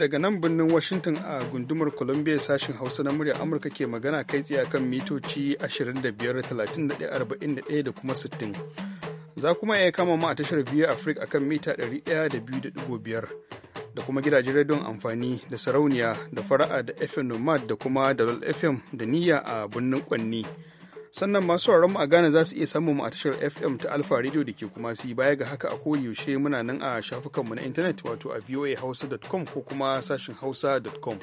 daga nan birnin Washington a gundumar Columbia sashen Hausa na murya Amurka ke magana kai tsaye kan mitoci 25,31,41 da kuma 60. Za kuma iya kama ma a tashar biyu Africa akan mita 102.5 da kuma gidajen rediyon amfani da sarauniya da fara'a da FM Nomad da kuma Dalal FM da niyya a birnin Kwanni. sannan masu mu a Ghana za su iya samun mu a tashar FM ta Alfa Radio da ke kuma si baya ga haka a koyaushe muna nan a shafukanmu na intanet wato a voahausa.com ko kuma sashin hausa.com.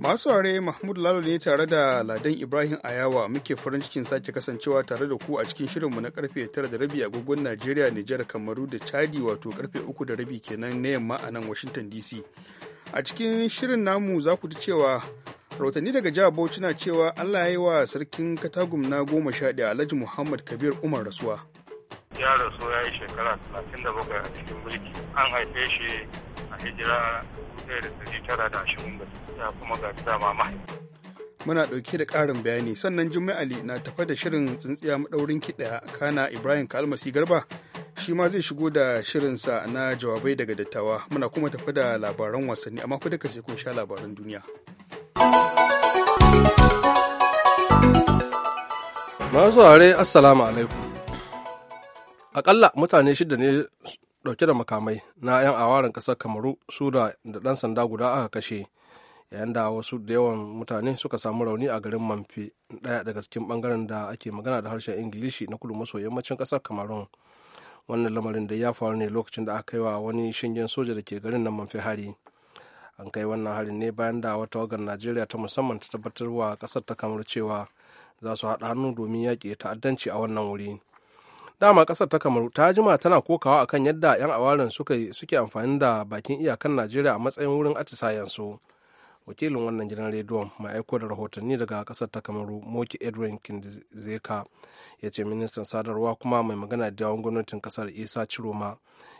masu ware mahmud lalo ne tare da ladan ibrahim ayawa muke farin cikin sake kasancewa tare da ku a cikin shirinmu na karfe 9 da rabi agogon najeriya nijar kamaru da chadi wato karfe 3 da rabi kenan na yamma a nan washington dc a cikin shirin namu za ku ji cewa rahotanni daga jihar bauchi na cewa allah ya yi wa sarkin katagum na goma sha ɗaya alhaji muhammad kabir umar rasuwa ya rasu ya yi shekara talatin da bakwai a cikin mulki an haife shi a hijira ɗaya da dari tara da ashirin da ya kuma ga ta ma muna ɗauke da ƙarin bayani sannan jummai ali na tafa da shirin tsintsiya maɗaurin kiɗa kana ibrahim kalmasi garba shi ma zai shigo da shirinsa na jawabai daga dattawa muna kuma tafi da labaran wasanni amma ku duka sai kun sha labaran duniya masu are assalamu alaikum akalla mutane shida ne dauke da makamai na 'yan awarin kasar kamaru su da dan sanda guda aka kashe yayin da wasu da yawan mutane suka samu rauni a garin manfe daya daga cikin bangaren da ake magana da harshen ingilishi na kudu maso yammacin kasar kamarun wannan lamarin da ya faru ne lokacin da aka kai wa wani shingen soja da ke garin nan manfi hari an kai wannan harin ne bayan da wata wagar najeriya ta musamman ta tabbatar wa kasar ta kamar cewa za su haɗa hannu domin yaƙi ta'addanci a wannan wuri dama kasar ta kamaru ta jima tana kokawa akan yadda 'yan awarin suke amfani da bakin iyakan najeriya a matsayin wurin atisayensu wakilin wannan gidan rediyon mai aiko da rahotanni daga kasar ta kamaru moki edwin kindzeka ya ce ministan sadarwa kuma mai magana da yawon gwamnatin kasar isa ciroma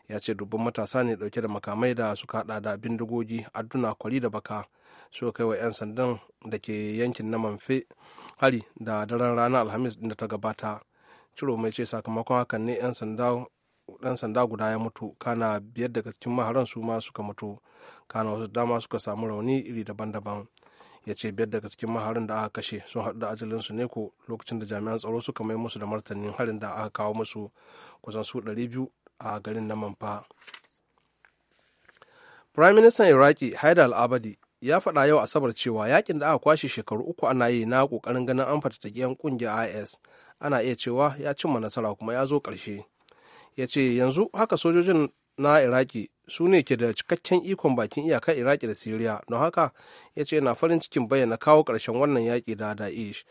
ya ce dubban matasa ne dauke da makamai da suka hada da bindigogi adduna kwari da baka suka kai wa 'yan sandan da ke yankin na manfe hari da daren ranar alhamis da ta gabata ciro mai ce sakamakon hakan ne 'yan sanda dan sanda guda ya mutu kana biyar daga cikin maharan su ma suka mutu kana wasu dama suka samu rauni iri daban-daban ya ce biyar daga cikin maharin da aka kashe sun haɗu da ajalin su ne ko lokacin da jami'an tsaro suka mai musu da martanin harin da aka kawo musu kusan su ɗari biyu a garin na manfa prime minister iraki haidar al-abadi ya faɗa yau asabar cewa yakin da aka kwashe shekaru uku ana yi na ƙoƙarin ganin an fatattaki 'yan ƙungiyar is ana iya cewa ya cimma nasara kuma ya zo ƙarshe ya ce yanzu haka sojojin na iraki su ne ke da cikakken ikon bakin iyakar iraki da siriya don haka ya ce yana farin cikin bayyana kawo ƙarshen wannan yaƙi da da'ish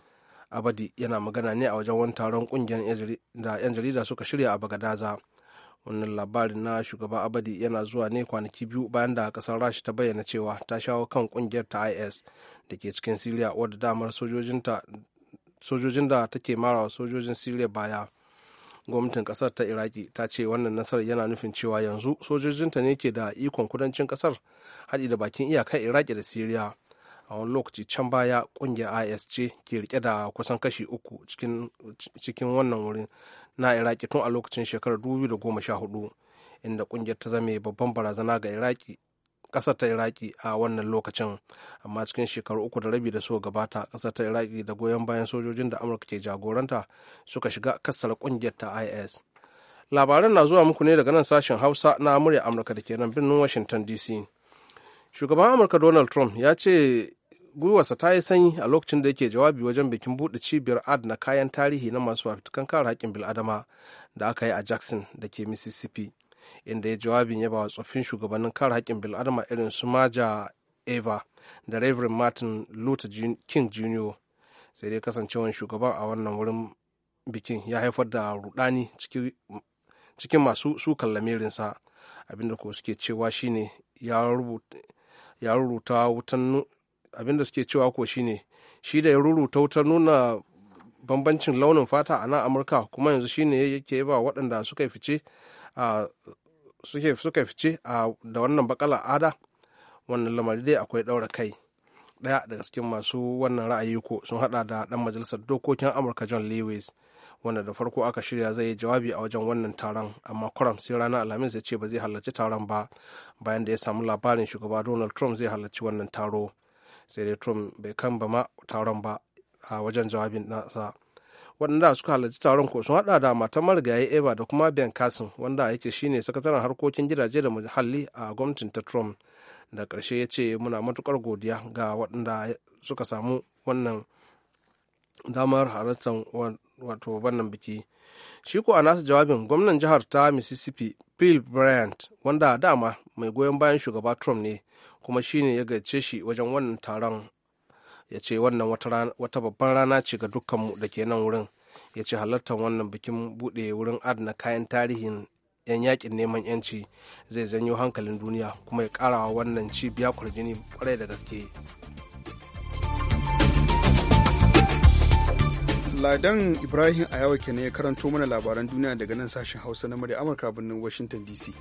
abadi yana magana ne a wajen wani taron ƙungiyar da 'yan jarida suka shirya a bagadaza wannan labarin na shugaban abadi yana zuwa ne kwanaki biyu bayan da kasar rashi ta bayyana cewa ta shawo kan ƙungiyar ta is da ke cikin siriya wadda damar sojojin da take mara sojojin siriya baya gwamnatin kasar ta iraki ta ce wannan nasarar yana nufin cewa yanzu sojojinta ne ke da ikon kudancin kasar haɗi da bakin iyakar iraki da siriya a wani lokaci can baya kungiyar is ce ke rike da kusan kashi uku cikin wannan wurin na iraki tun a lokacin shekarar 2014 inda kungiyar ta zame babban barazana ga iraki kasar ta iraki a wannan lokacin amma cikin shekaru uku da rabi da suka gabata kasar ta iraki da goyon bayan sojojin da amurka ke jagoranta suka shiga kasar kungiyar ta is labaran na zuwa muku ne daga nan sashen hausa na murya amurka da ke nan birnin washington dc shugaban amurka donald trump ya ce gwiwarsa ta yi sanyi a lokacin da yake jawabi wajen bikin buɗe cibiyar ad na kayan tarihi na masu fafitukan kare haƙƙin bil'adama da aka yi a jackson da ke mississippi inda ya jawabin yaba wa tsoffin shugabannin kare haƙƙin bil'adama irin su maja eva da reverend martin luther king jr sai dai kasancewan shugaban a wannan wurin bikin ya haifar da rudani cikin masu sukan lamirinsa abinda ko suke cewa shine ya rubuta wutan abinda suke cewa ko shine shi da ya rubuta wutar nuna bambancin launin fata a nan amurka kuma yanzu shine yake ba waɗanda suka fice suke suka fice da wannan bakala ada wannan lamari dai akwai daura kai daya daga cikin masu wannan ra'ayi ko sun hada da ɗan majalisar dokokin amurka john lewis wanda da farko aka shirya zai yi jawabi a wajen wannan taron amma kuram sai ranar alhamis ya ce ba zai halarci taron ba bayan da ya samu labarin shugaba donald trump zai halarci wannan taro sai dai trump bai kan ba ma taron ba a wajen jawabin nasa waɗanda suka halarci taron ko sun haɗa da matan marigayi eva da kuma ben kasin wanda yake shine sakataren harkokin gidaje da muhalli a gwamnatin ta trump da karshe ya ce muna matukar godiya ga waɗanda suka samu wannan damar halartar wato wannan biki shi ko a nasa jawabin gwamnan jihar ta mississippi phil bryant wanda dama mai goyon bayan shugaba trump ne kuma shine ya gaice shi wajen wannan taron ya ce wannan wata babban rana ce ga dukkanmu da ke nan wurin ya ce halartar wannan bikin buɗe wurin adana kayan tarihin 'yan yakin neman 'yanci zai zanyo hankalin duniya kuma ya karawa wannan cibiya kwargini kwarai da gaske ladan ibrahim ayawa kenan ya karanto mana labaran duniya daga nan sashen hausa na murya amurka birnin washington dc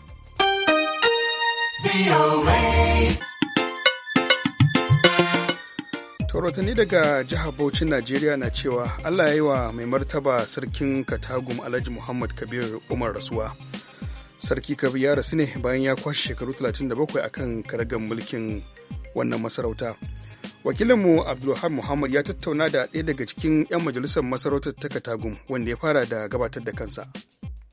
rahotanni daga jihar Bauchi Najeriya na cewa Allah ya yi wa mai martaba sarkin Katagum Alhaji Muhammad Kabir Umar rasuwa. Sarki Kabir ya rasu ne bayan ya kwashe shekaru 37 akan karagar mulkin wannan masarauta. Wakilinmu Abdulhamid Muhammad ya tattauna da ɗaya daga cikin 'yan majalisar masarautar ta Katagum wanda ya fara da gabatar da kansa.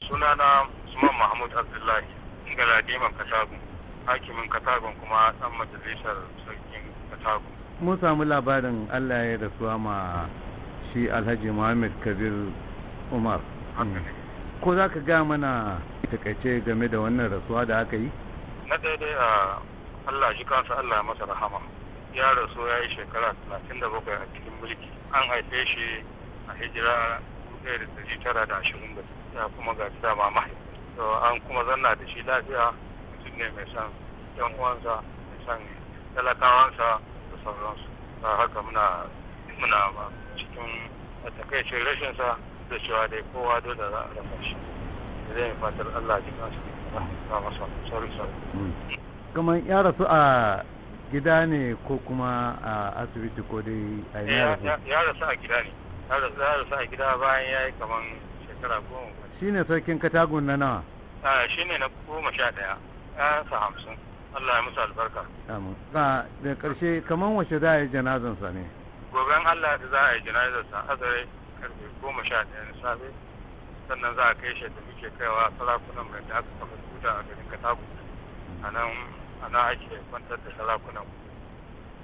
Sunana Usman Mahmud Abdullahi, Galadiman Katagum, hakimin Katagum kuma ɗan majalisar sarkin Katagum. mun samu labarin allah ya rasuwa ma shi alhaji muhammad kabir umar ko za ka ga mana takaice game da wannan rasuwa da aka yi na daidai a allah shi kansa allah ya masa rahama ya rasu ya yi shekara 37 a cikin mulki an haife shi a hijira 1920 ya kuma ga dama mahaifi to an kuma zanna da shi lafiya mutum ne mai san yan uwansa mai san talakawansa sauransu ta haka muna muna ba cikin a rashin sa da cewa dai kowa dole za a rasa shi zai yi fatar Allah ji kansu ba masa sauri sauri. kamar ya rasu a gida ne ko kuma a asibiti ko dai a yi ya rasu a gida ne ya rasu a gida bayan ya yi kamar shekara goma shi ne sarkin katagun na nawa ah, shi ne na goma sha ɗaya ya sa hamsin Allah ya musu albarka amin da karshe kaman wace za a yi janazan sa ne goben Allah da za a yi janazan sa azare karfe goma sha ɗaya na safe sannan za a kai shi da muke kaiwa sarakunan mai da aka kafa tuta a garin katako. a nan a nan ake kwantar da sarakunan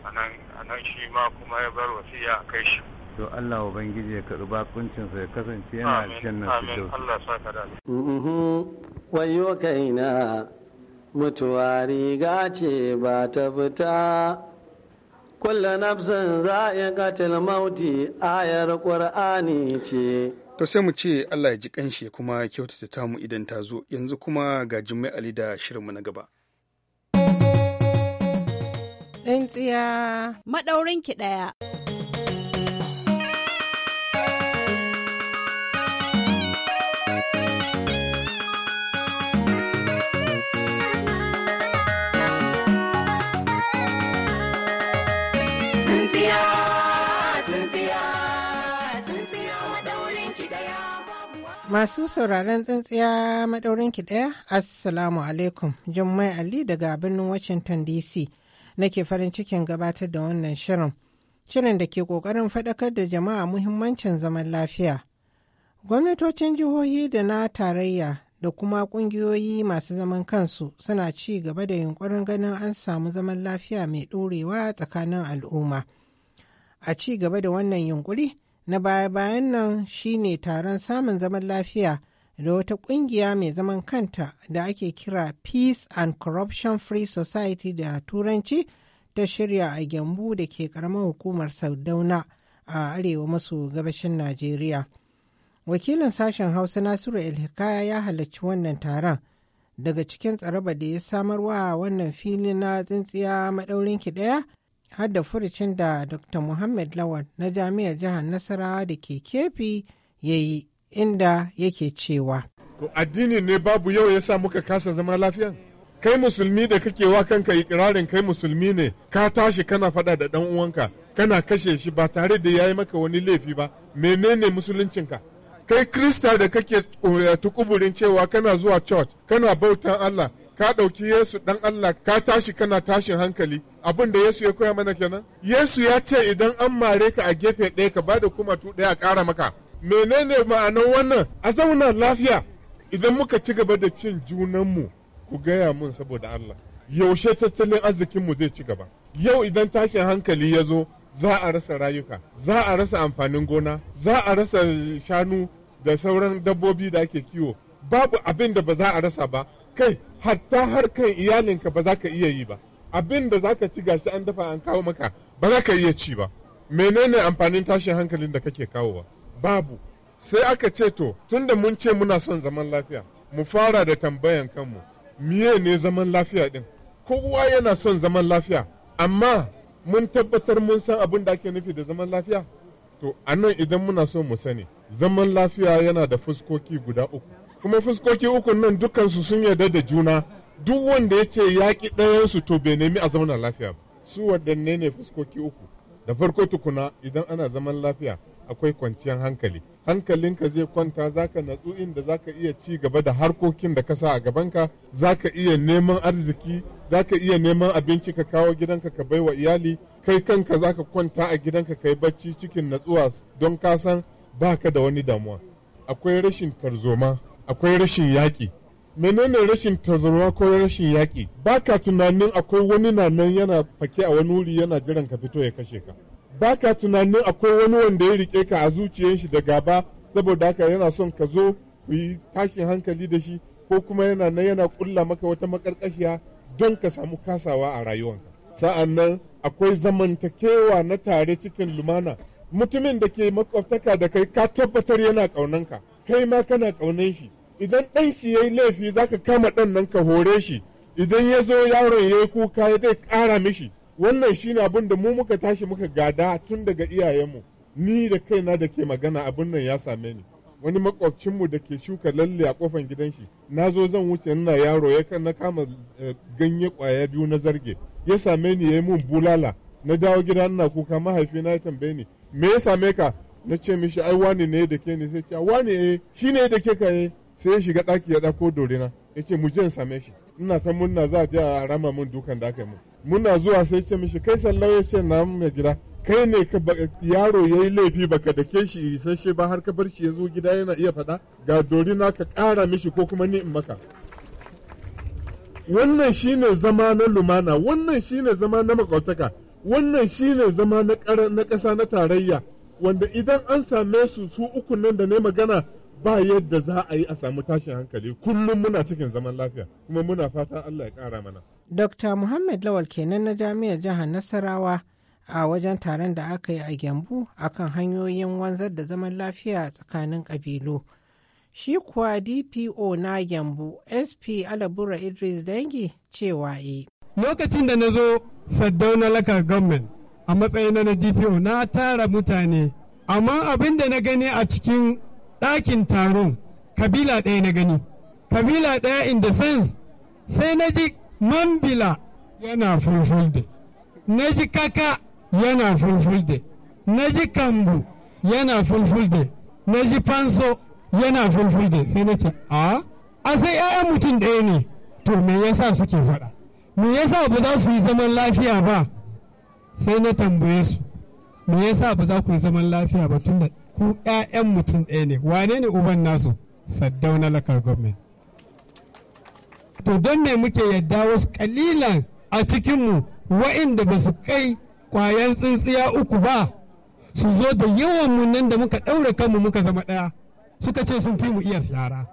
a nan shi ma kuma ya bar wasiya a kai shi to Allah Ubangiji ya karɓi bakuncinsa ya kasance yana aljanna su Allah ya saka da wayo kaina mutuwa riga ce ba ta fita kulla nafsin za a katil mauti ayar ƙwar'ani ce to sai mu ce allah ya ji kanshi kuma kyautata ta mu idan ta zo yanzu kuma ga jimai ali da shirinmu na gaba ɗan tsiya maɗaurinki ɗaya Masu sauraron tsintsiya maɗaurin ki ɗaya, Assalamu alaikum, Jummai Ali daga birnin Washington DC nake farin cikin gabatar da wannan shirin. Shirin da ke ƙoƙarin faɗakar da jama'a muhimmancin zaman lafiya. Gwamnatocin jihohi da na tarayya da kuma ƙungiyoyi masu zaman kansu suna ci gaba da yunƙurin ganin an samu zaman lafiya mai ɗorewa tsakanin al'umma. A ci gaba da wannan yunƙuri, na baya-bayan nan shine taron samun zaman lafiya da wata ƙungiya mai zaman kanta da ake kira peace and corruption free society da turanci ta shirya a gyambu da ke karamar hukumar saudauna a arewa maso gabashin najeriya wakilin sashen hausa nasiru ilhikaya ya halarci wannan taron daga cikin tsaraba da ya samarwa, wannan fili na tsintsiya maɗaurinki ɗaya har da furucin da dr muhammad lawal na jami'ar jihar nasarawa da ke kefi ya yi inda yake cewa to addini ne babu yau ya sa muka kasa zama lafiya kai musulmi da kake wa kanka ikirarin kai musulmi ne ka tashi kana faɗa da ɗan uwanka kana kashe shi ba tare da ya yi maka wani laifi ba menene musuluncinka kai krista da kake eh, tukuburin cewa kana zuwa church kana bautan allah ka ɗauki Yesu ɗan Allah ka tashi kana tashin hankali abin da Yesu ya koya mana kenan Yesu ya ce idan an mare ka a gefe ɗaya ka bada tu ɗaya a ƙara maka menene ma'anar wannan a zauna lafiya idan muka ci gaba da cin junanmu ku gaya mun saboda Allah yaushe tattalin arzikinmu zai ci gaba yau idan tashin hankali ya zo za a rasa rayuka za a rasa amfanin gona za a rasa shanu da sauran dabbobi da ake kiwo babu abin da ba za a rasa ba kai hatta har kan iyalinka ba za ka iya yi ba abin da za ka ci gashi an dafa an kawo maka ba za ka iya ci ba menene amfanin tashin hankalin da kake kawo kawowa babu sai aka ce to tunda mun ce muna son zaman lafiya mu fara da tambayan kanmu miye ne zaman lafiya din kowa yana son zaman lafiya amma mun tabbatar mun san abin da ake nufi da zaman lafiya to anan idan muna so mu sani zaman lafiya yana da fuskoki guda uku kuma fuskoki uku nan dukansu sun yarda da juna duk wanda ya ce yaƙi ɗayansu to bai nemi a zauna lafiya ba su waɗanne ne fuskoki uku da farko tukuna idan ana zaman lafiya akwai kwanciyar hankali hankalinka zai kwanta zaka natsu inda zaka iya ci gaba da harkokin da ka a gabanka zaka iya neman arziki zaka iya neman abinci ka kawo gidanka ka bai wa iyali kai kanka zaka kwanta a gidanka kai bacci cikin natsuwa don ka san ka da wani damuwa akwai rashin tarzoma akwai rashin yaƙi menene rashin tarzoma ko rashin yaƙi baka tunanin akwai wani na nan yana fake a wani wuri yana jiran ka fito ya kashe ka baka tunanin akwai wani wanda ya rike ka a zuciyar shi da gaba saboda haka yana son ka zo ku yi tashin hankali da shi ko kuma yana nan yana kulla maka wata makarkashiya don ka samu kasawa a rayuwanka sa'an nan akwai zamantakewa na tare cikin lumana mutumin da ke makwabtaka da kai ka tabbatar yana ƙaunanka kai ma kana ƙaunan shi idan ɗan shi ya yi laifi za ka kama ɗan nan ka hore shi idan ya zo yaron ya yi kuka ya zai ƙara mishi wannan shi ne abin da mu muka tashi muka gada tun daga iyayenmu ni da kaina da ke magana abin nan ya same ni wani makwabcinmu da ke shuka lalle a kofan gidan shi na zo zan wuce ina yaro ya kan na kama eh, ganye kwaya biyu na zarge ya same ni ya yi mun bulala na dawo gida ina kuka mahaifina ya tambaye ni me ya same ka na ce mishi ai wani ne da ke ne sai ce wani eh shi ne da ke ka eh. sai ya shiga daki ya ɗako dorina ya ce mu je in same shi ina ta munna za a je a rama min dukan da aka yi muna zuwa sai ce mishi kai san ya ce na mai gida kai ne ka yaro ya yi laifi baka ke shi isasshe ba har ka bar shi ya zo gida yana iya faɗa ga dorina ka ƙara mishi ko kuma ni in maka wannan shine zama na lumana wannan shine zama na makautaka wannan shine zama na ƙasa na tarayya wanda idan an same su su uku nan da ne magana ba yadda za a yi a samu tashin hankali kullum muna cikin zaman lafiya kuma muna fata Allah ya ƙara mana. Dr. Muhammad Lawal kenan na jami'ar jihar Nasarawa a wajen taron da aka yi a Gyambu akan hanyoyin wanzar da zaman lafiya tsakanin ƙabilu. Shi kuwa DPO na Gyambu SP Alabura Idris Dangi cewa e. Lokacin da na zo Saddauna Laka a matsayin na DPO na tara mutane, amma abin da na gani a cikin ɗakin taron kabila ɗaya na gani kabila ɗaya in the sense sai na ji mambila yana fulfulde na ji kaka yana fulfulde na ji kambu yana fulfulde na ji fanso yana fulfulde sai na ce a a sai 'ya'yan mutum ɗaya ne to me yasa suke faɗa me yasa ba za su yi zaman lafiya ba sai na tambaye su me yasa ba za ku yi zaman lafiya ba tun da ku 'ya'yan mutum ɗaya ne wane ne uban nasu na lakar gwamnati to don ne muke yadda wasu kalilan a cikinmu wa'inda ba su kai kwayan tsintsiya uku ba su zo da yawan mu nan da muka ɗaura kanmu muka zama ɗaya suka ce sun fi mu iya yara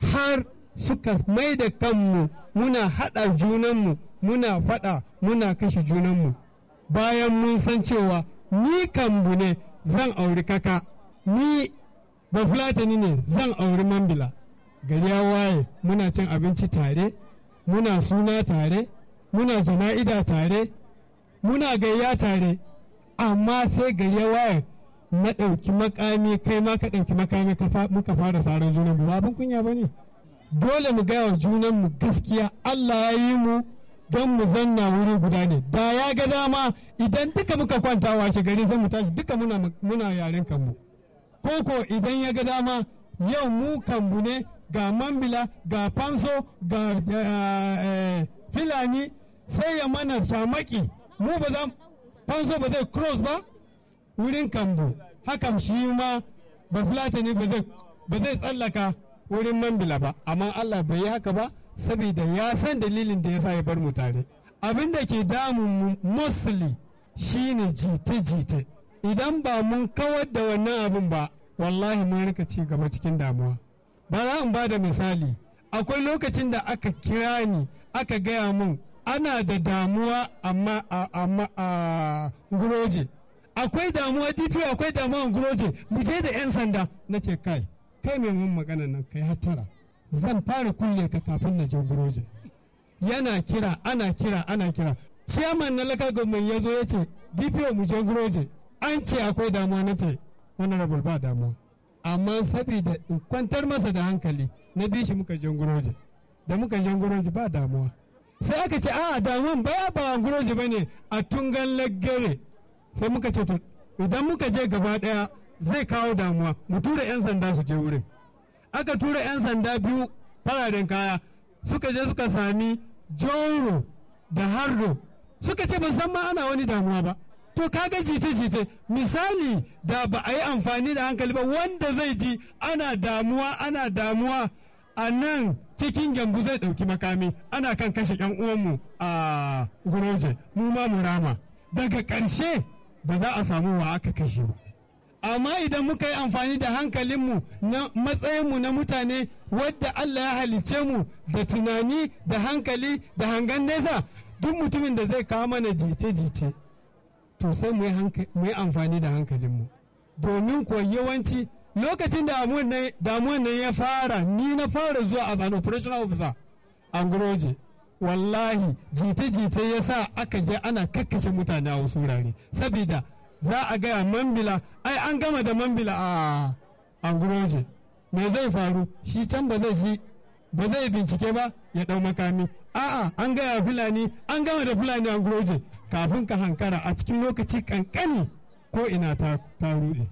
har suka mai da kanmu muna haɗa junanmu muna faɗa muna kashe junanmu bayan mun san cewa ni bu ne zan auri kaka ni ba fulatani ne zan auri mambila gari ya waye muna cin abinci tare muna suna tare muna jana'ida tare muna gayya tare amma sai gari ya waye na ɗauki makami kai ma ka ɗauki makami muka fara saran junan mu abin kunya ba ne dole mu gaya wa junan mu gaskiya Allah ya yi mu don mu zanna wuri guda ne da ya ga dama idan duka muka kwanta washe gari sai mu tashi duka muna yaren kanmu. koko idan ya ga dama yau mu kambu ne ga mambila ga fanso ga eh, filani sai ya mana shamaki mu ba za fanso ba zai cross ba wurin kambu hakan shi ma ba filatani ba zai tsallaka wurin mambila ba amma allah bai yi haka ba saboda ya san dalilin da ya sa ya bar mu tare abin da ke damun mu mostly shine jite-jite idan ba mun kawar da wannan abin ba wallahi mun rika ci gaba cikin damuwa ba za in ba da misali akwai lokacin da aka kira ni aka gaya mun ana da damuwa amma a guroje akwai damuwa dp akwai damuwa guroje mu je da 'yan sanda na ce kai kai mai mun magana nan kai hattara zan fara kulle ka kafin na je guroje yana kira ana kira ana kira ciyaman na lakar government ya zo ya ce dp mu je guroje an ce akwai damuwa na ce honorable ba damuwa amma saboda in kwantar masa da hankali na bi shi muka janguroji da muka janguroji ba damuwa sai aka ce a damuwan ya ba janguroji ba ne a tungan laggare sai muka ce idan muka je gaba daya zai kawo damuwa mu tura 'yan sanda su je wurin aka tura 'yan sanda biyu fararen kaya suka je suka sami joro da harro suka ce musamman ana wani damuwa ba to kaga jita-jita misali da ba a yi amfani da hankali ba wanda zai ji ana damuwa ana damuwa a nan cikin gyambu zai ɗauki makami ana kan kashe yan uwanmu a guroje mu ma mu daga ƙarshe ba za a samu wa aka kashe ba amma idan muka yi amfani da hankalinmu na matsayinmu na mutane wadda Allah ya halice mu da tunani da hankali da hangen nesa duk mutumin da zai kawo mana jite-jite to sai mu yi amfani da hankalinmu domin kuwa yawanci lokacin da damuwan nan ya fara ni na fara zuwa as an operational officer an guroje wallahi jita-jita ya sa aka je ana kakkashe mutane a wasu wurare saboda za a gaya mambila ai an gama da mambila a anguroje me zai faru shi can ba zai ba zai bincike ba ya dau makami a'a an gaya fulani an gama da fulani anguroje kafin ka hankara a cikin lokaci kankani ko ina ta ruɗe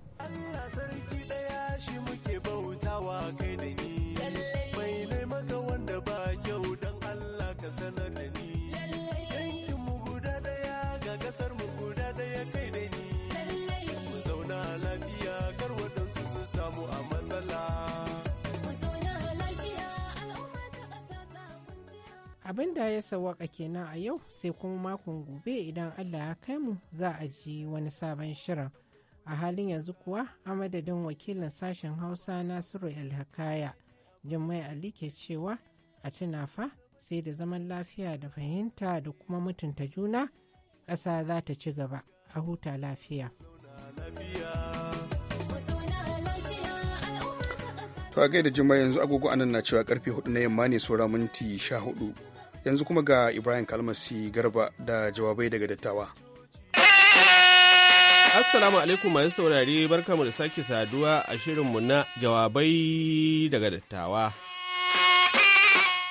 abin da ya sawaka kenan a yau sai kuma makon gobe idan allah ya kai mu za a ji wani sabon shirin a halin yanzu kuwa a madadin wakilin sashen hausa nasiru alhakaya jimai ali ke cewa a tuna fa sai da zaman lafiya da fahimta da kuma mutunta juna ƙasa za ta ci gaba a huta lafiya. To a gaida jima yanzu agogo anan na cewa karfe hudu na yamma ne saura minti sha hudu yanzu kuma ga ibrahim kalmasi garba da jawabai daga dattawa assalamu alaikum masu saurari mu da sake saduwa a shirinmu na jawabai daga dattawa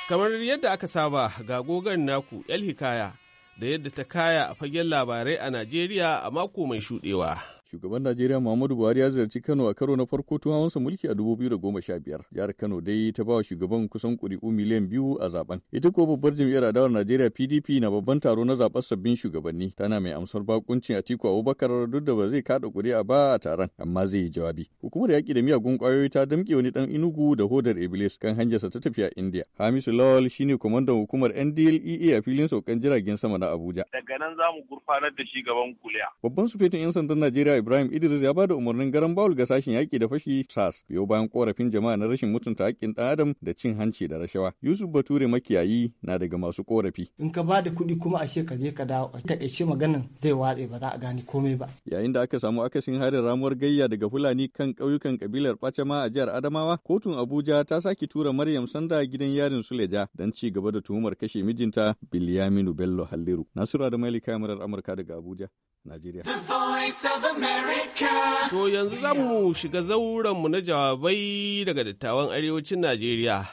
kamar yadda aka saba ga gogon naku el hikaya da yadda ta kaya a fagen labarai a najeriya a mako mai shudewa. Shugaban Najeriya Muhammadu Buhari ya ziyarci Kano a karo na farko tun mulki a dubu da goma sha biyar. Jihar Kano dai ta ba wa shugaban kusan ƙuri'u miliyan biyu a zaben. Ita ko babbar jam'iyyar adawar Najeriya PDP na babban taro na zaɓar sabbin shugabanni. Tana mai amsar bakuncin Atiku Abubakar duk da ba zai kada kuri'a ba a taron amma zai yi jawabi. Hukumar yaƙi da miyagun ƙwayoyi ta damƙe wani ɗan Inugu da hodar Iblis kan hanjarsa ta tafiya India. Hamisu Lawal shine kwamandan hukumar NDLEA e a filin saukan jiragen sama na Abuja. Daga nan za mu gurfanar da shi gaban kuliya. Babban sufetin 'yan sandan Najeriya Ibrahim Idris ya bada umarnin garan Baul ga sashen yaƙi da fashi SAS biyo bayan korafin jama'a na rashin mutunta haƙƙin ɗan adam da cin hanci da rashawa. Yusuf Bature makiyayi na daga masu korafi. In ka bada kuɗi kuma ashe ka je ka dawo a taƙaice maganan zai watse ba za a gane komai ba. Yayin da aka samu akasin harin ramuwar gayya daga Fulani kan ƙauyukan kabilar Bacema a jihar Adamawa, kotun Abuja ta sake tura Maryam Sanda gidan yarin Suleja don ci gaba da tuhumar kashe mijinta Bilyaminu Bello Halliru. Nasiru da kamarar Amurka daga Abuja. Najeriya. To yanzu za mu shiga zauren mu na jawabai daga dattawan arewacin Najeriya.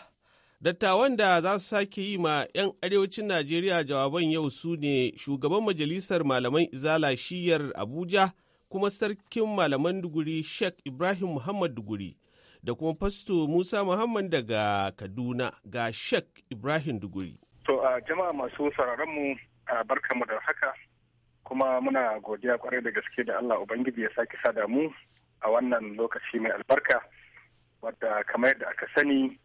Dattawan da za su sake yi ma 'yan arewacin Najeriya jawaban yau su ne shugaban majalisar malaman izala shiyar Abuja kuma sarkin malaman duguri Sheikh Ibrahim Muhammad duguri da kuma fasto Musa Muhammad daga Kaduna ga Sheikh Ibrahim duguri. To jama'a masu sararanmu barkanmu da haka kuma muna godiya kwarai da gaske da Allah Ubangiji ya sake sada mu a wannan lokaci mai albarka wadda kamar yadda aka sani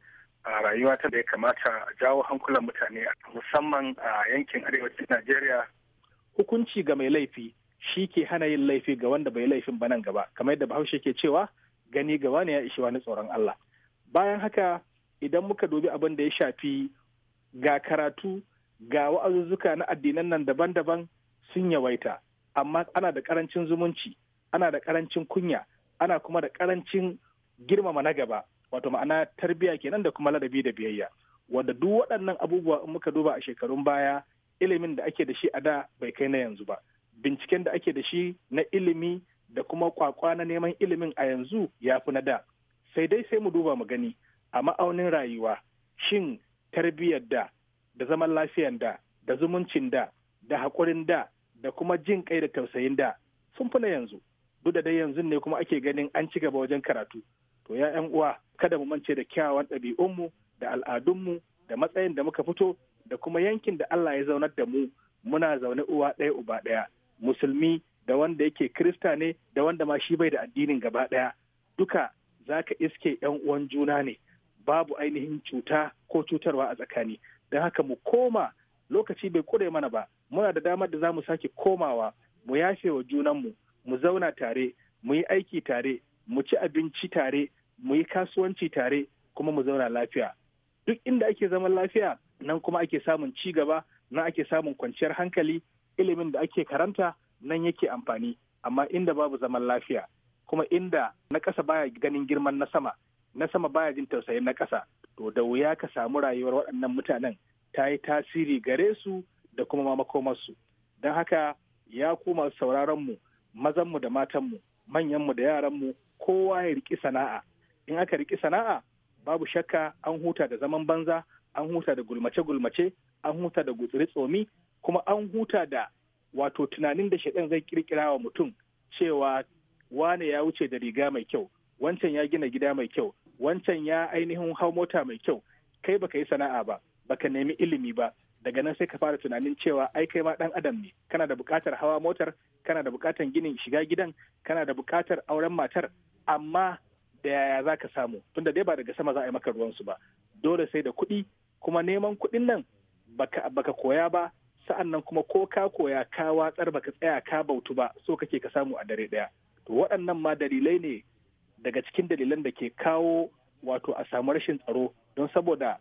a rayuwa ta da ya kamata a jawo hankulan mutane musamman a yankin arewacin Najeriya. Hukunci ga mai laifi shi ke hana yin laifi ga wanda bai laifin ba nan gaba kamar yadda Bahaushe ke cewa gani gaba ne ya ishi wani tsoron Allah. Bayan haka idan muka dubi abin da ya shafi ga karatu ga wa'azuzzuka na addinan nan daban-daban sun yawaita amma ana da karancin zumunci ana da karancin kunya ana kuma da karancin girmama na gaba wato ma'ana tarbiyya kenan da kuma ladabi da biyayya wanda duk waɗannan abubuwa in muka duba a shekarun baya ilimin da ake da shi a da bai kai na yanzu ba binciken da ake da shi na ilimi da kuma kwakwa na neman ilimin a yanzu ya fi na da sai dai sai mu duba mu gani a ma'aunin rayuwa shin tarbiyyar da da zaman lafiyar da da zumuncin da da haƙurin da da kuma jin kai da tausayin da sun fi na yanzu duk da dai yanzu ne kuma ake ganin an ci gaba wajen karatu to ya yan uwa kada mu mance da kyawawan ɗabi'unmu da al'adunmu da matsayin da muka fito da kuma yankin da Allah ya zaunar da mu muna zaune uwa ɗaya uba ɗaya musulmi da wanda yake krista ne da wanda ma shi bai da addinin gaba ɗaya duka za ka iske yan uwan juna ne babu ainihin cuta ko cutarwa a tsakani don haka mu koma lokaci bai kure mana ba muna da damar da za mu sake komawa mu yafe wa junanmu mu zauna tare mu yi aiki tare mu ci abinci tare mu yi kasuwanci tare kuma mu zauna lafiya duk inda ake zaman lafiya nan kuma ake samun ci gaba nan ake samun kwanciyar hankali ilimin da ake karanta nan yake amfani amma inda babu zaman lafiya kuma inda na ƙasa baya ganin girman na sama na sama baya jin tausayin na ƙasa to da wuya ka samu rayuwar waɗannan mutanen ta yi tasiri gare su da kuma ma makomarsu don haka ya koma sauraronmu mazanmu da matanmu manyanmu da yaranmu kowa ya riki sana'a in aka riki sana'a babu shakka an huta da zaman banza an huta da gulmace-gulmace an huta da gutsiri tsomi kuma an huta da wato tunanin da shaɗan zai kirkira wa mutum cewa wane ya wuce da riga mai kyau wancan ya gina gida mai kyau wancan ya ainihin hau mota mai kyau kai baka yi sana'a ba baka nemi ilimi ba daga nan sai ka fara tunanin cewa ai kai ma dan adam ne kana da bukatar hawa motar kana da bukatar ginin shiga gidan kana da bukatar auren matar amma da yaya za ka samu tunda dai ba daga sama za a yi maka ruwansu ba dole sai da kuɗi kuma neman kuɗin nan baka, baka koya ba sa'an nan kuma ko ka koya ka watsar baka tsaya ka bautu ba so kake ka samu a dare ɗaya to waɗannan ma dalilai ne daga cikin dalilan da ke kawo wato a samu rashin tsaro don saboda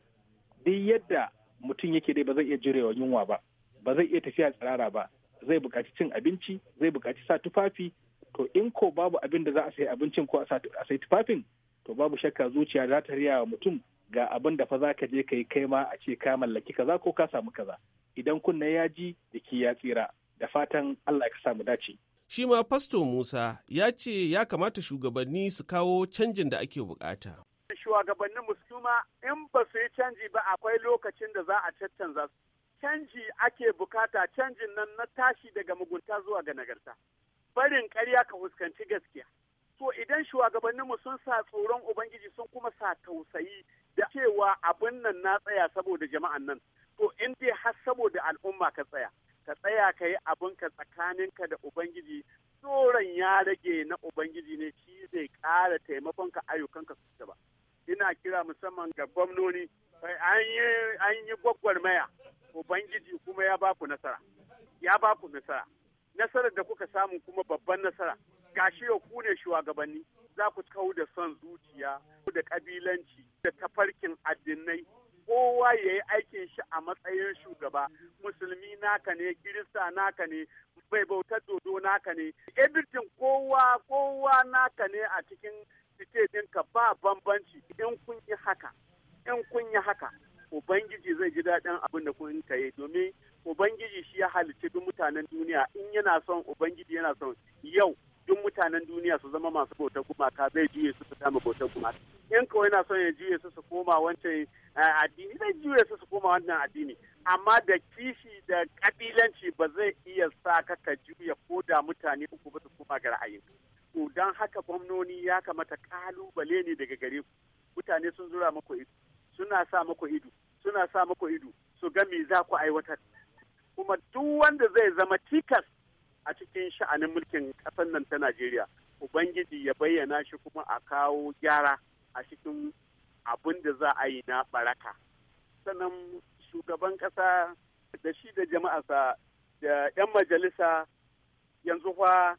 duk yadda mutum yake dai ba zai iya jirewa yunwa ba ba zai iya tafiya tsirara ba zai bukaci cin abinci zai bukaci sa tufafi to in ko babu abin da za a sayi abincin ko a sai tufafin to babu shakka zuciya za ta riya wa mutum ga abin da fa za ka je ka yi kai ma a ce ka mallaki kaza ko ka samu kaza idan kunna ya ji da ki ya tsira da fatan Allah ka samu dace. Shi ma Fasto Musa ya ce ya kamata shugabanni su kawo canjin da ake bukata. Shugabannin mu Kuma in ba su yi canji ba akwai lokacin da za a caccanza su canji ake bukata canjin nan na tashi daga mugunta zuwa ga nagarta barin karya ka fuskanci gaskiya to idan shugabanninmu sun sa tsoron ubangiji sun kuma sa tausayi da cewa abin nan na tsaya saboda jama'an nan to in dai har saboda al'umma ka tsaya ka tsaya ka yi abinka tsakaninka da ubangiji tsoron ya rage na ubangiji ne shi zai ƙara taimakonka ayyukanka su ba ina kira musamman ga gwamnoni eh, an yi gwagwarmaya ubangiji kuma ya baku nasara ya baku nasara nasarar da kuka samu kuma babban nasara gashi yau ku ne shugabanni za ku kawo da son zuciya ku da kabilanci da tafarkin addinai kowa ya yi aikin shi a matsayin shugaba musulmi naka ne kirista naka ne bai bautar dodo naka ne everything kowa kowa naka ne a cikin site ɗinka ba bambanci in kun yi haka in kun yi haka ubangiji zai ji daɗin abin da kun ka yi domin ubangiji shi ya halicci duk mutanen duniya in yana son ubangiji yana son yau duk mutanen duniya su zama masu bautar gumaka zai juye su su dama bautar gumaka in kawai yana son ya juye su su koma wancan eh, addini zai juye su su koma wannan addini amma da kishi da kabilanci ba zai iya sa ka ka juya ko da mutane uku ba su koma ga ra'ayin ku don haka gwamnoni ya kamata kalubale ne daga gare ku mutane sun zura mako ido suna sa mako ido suna sa mako ido su ga me za ku aiwatar kuma duk wanda zai zama tikas a cikin sha'anin mulkin ƙasar nan ta Najeriya ubangiji ya bayyana shi kuma a kawo gyara a cikin abin da za a yi na baraka sannan shugaban ƙasa da shi da jama'arsa da 'yan majalisa yanzu fa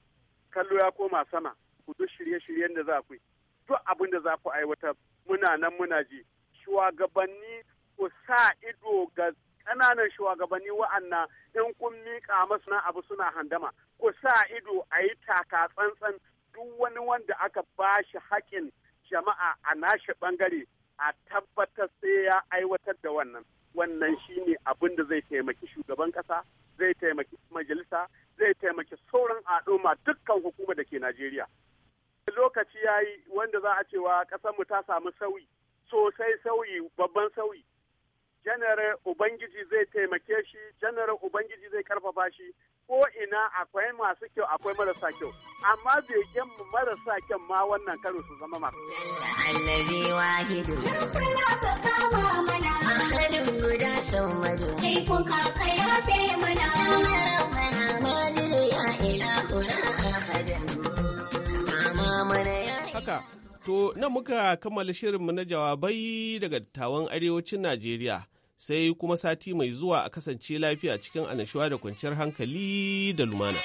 kallo ya koma sama ku duk shirye-shiryen da za ku yi duk abin da za ku aiwatar muna nan muna ji shugabanni ku sa ido ga ƙananan shugabanni wa'anna in kun miƙa masu na abu suna handama ku sa ido a yi taka tsantsan duk wani wanda aka ba shi haƙin jama'a a nashi ɓangare a tabbatar sai ya aiwatar da wannan wannan shine abin da zai taimaki shugaban ƙasa zai taimaki majalisa zai taimaki sauran al'umma dukkan hukumar da ke Najeriya. Lokaci ya yi wanda za a cewa ƙasarmu ta samu sauyi, sosai sauyi, babban sauyi. Janaral Ubangiji zai taimake shi, janaral Ubangiji zai karfafa shi, ko ina akwai masu kyau akwai marasa kyau, amma begen marasa kyau ma wannan karo su zama masu. Allah haka, to nan muka kammala shirinmu na jawabai daga dattawan arewacin Najeriya. Sai kuma sati mai zuwa a kasance lafiya cikin annashuwa da kwanciyar hankali da lumana.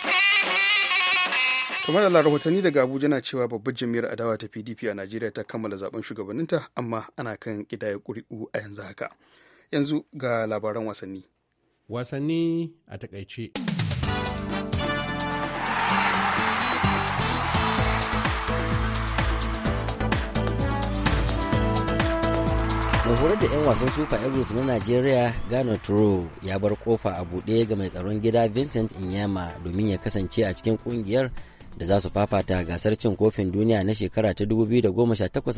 kamar da rahotanni daga abuja na cewa babbar jami'ar adawa ta pdp a najeriya ta kammala zaben shugabanninta amma ana kan kidaya ƙuri'u a yanzu haka yanzu ga labaran wasanni wasanni a takaice horar da 'yan wasan super eagles na najeriya gano turo ya bar kofa a buɗe ga mai tsaron gida vincent inyama domin ya kasance a cikin kungiyar da za su fafata gasar cin kofin duniya na shekara ta 2018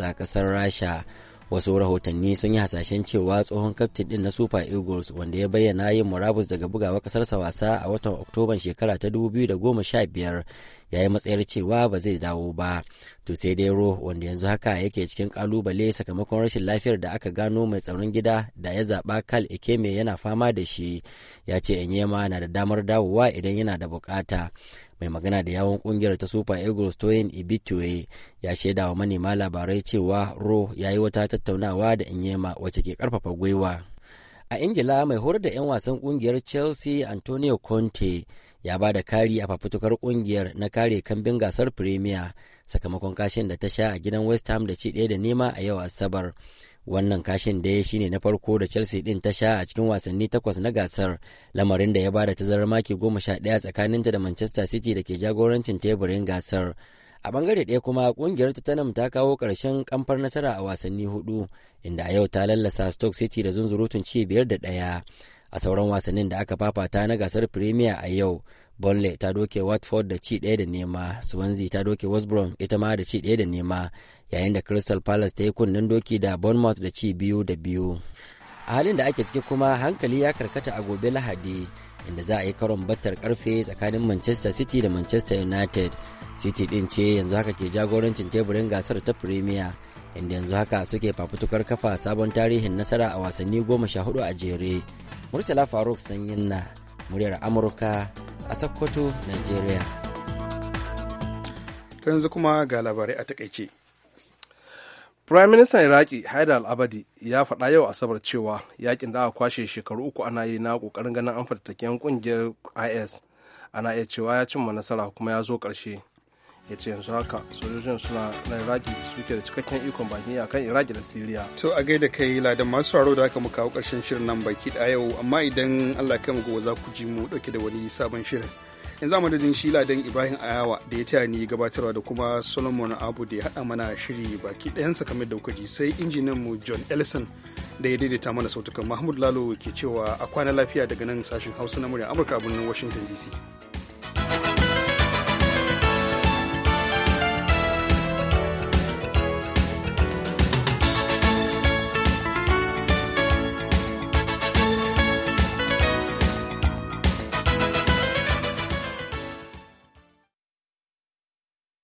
a kasar rasha wasu rahotanni sun yi hasashen cewa tsohon kaftin din na super eagles wanda ya bayyana yin murabus daga bugawa kasarsa wasa a watan oktoban shekara ta 2015 ya yi matsayar cewa ba zai dawo ba to sai dai ro wanda yanzu haka yake cikin kalubale sakamakon rashin lafiyar da aka gano mai tsaron gida da ya zaba kal ekeme yana fama da shi ya ce enyema na da damar dawowa idan yana da bukata mai magana da yawon kungiyar ta super eagles toyin ibitue ya shaida wa manema labarai cewa ro ya yi wata tattaunawa da inyema wacce ke karfafa gwiwa a ingila mai horar da 'yan wasan kungiyar chelsea antonio conte ya ba da kari a fafutukar kungiyar na kare kambin gasar premier sakamakon kashin da ta sha a gidan west ham da ci ɗaya da nema a yau asabar wannan kashin da ya shine na farko da chelsea din ta sha a cikin wasanni takwas na gasar lamarin da ya bada tazarar maki goma sha ɗaya tsakaninta da manchester city da ke jagorancin teburin gasar a bangare ɗaya kuma kungiyar tottenham ta kawo ƙarshen kamfar nasara a wasanni hudu inda a yau ta lallasa stoke city da zunzurutun ci biyar da ɗaya a sauran wasannin da aka fafata na gasar premier a yau Burnley ta doke Watford da ci ɗaya da nema, Swansea ta doke West Brom ita ma da ci ɗaya da nema, yayin da Crystal Palace ta yi kunnen doki da Bournemouth da ci biyu da biyu. A halin da ake ciki kuma hankali ya karkata a gobe Lahadi, inda za a yi karon battar karfe tsakanin Manchester City da Manchester United. City ɗin ce yanzu haka ke jagorancin teburin gasar ta Premier, inda yanzu haka suke fafutukar kafa sabon tarihin nasara a wasanni goma sha hudu a jere. Murtala Faruk Sanyin na muryar amurka a sokoto nigeria yanzu kuma ga labarai a takaice Prime Minister Iraki Haidar Al-Abadi ya faɗa yau Asabar cewa yakin da aka kwashe shekaru uku ana yi na ƙoƙarin ganin an fatattaken ƙungiyar IS ana iya cewa ya cimma nasara kuma ya zo ƙarshe ya ce yanzu haka sojojin suna na iraki suke da cikakken ikon baki a kan iraki da siriya to a gaida kai ladan masu sauraro da aka muka karshen shirin nan baki da yau amma idan allah kai gobe za ku ji mu dauke da wani sabon shirin yanzu a madadin shi ladan ibrahim ayawa da ya taya ni gabatarwa da kuma solomon abu da ya haɗa mana shiri baki ɗayansa kamar da kuji sai injiniyan mu john ellison da ya daidaita mana sautukan mahmud lalo ke cewa a kwana lafiya daga nan sashen hausa na murya amurka a birnin washington dc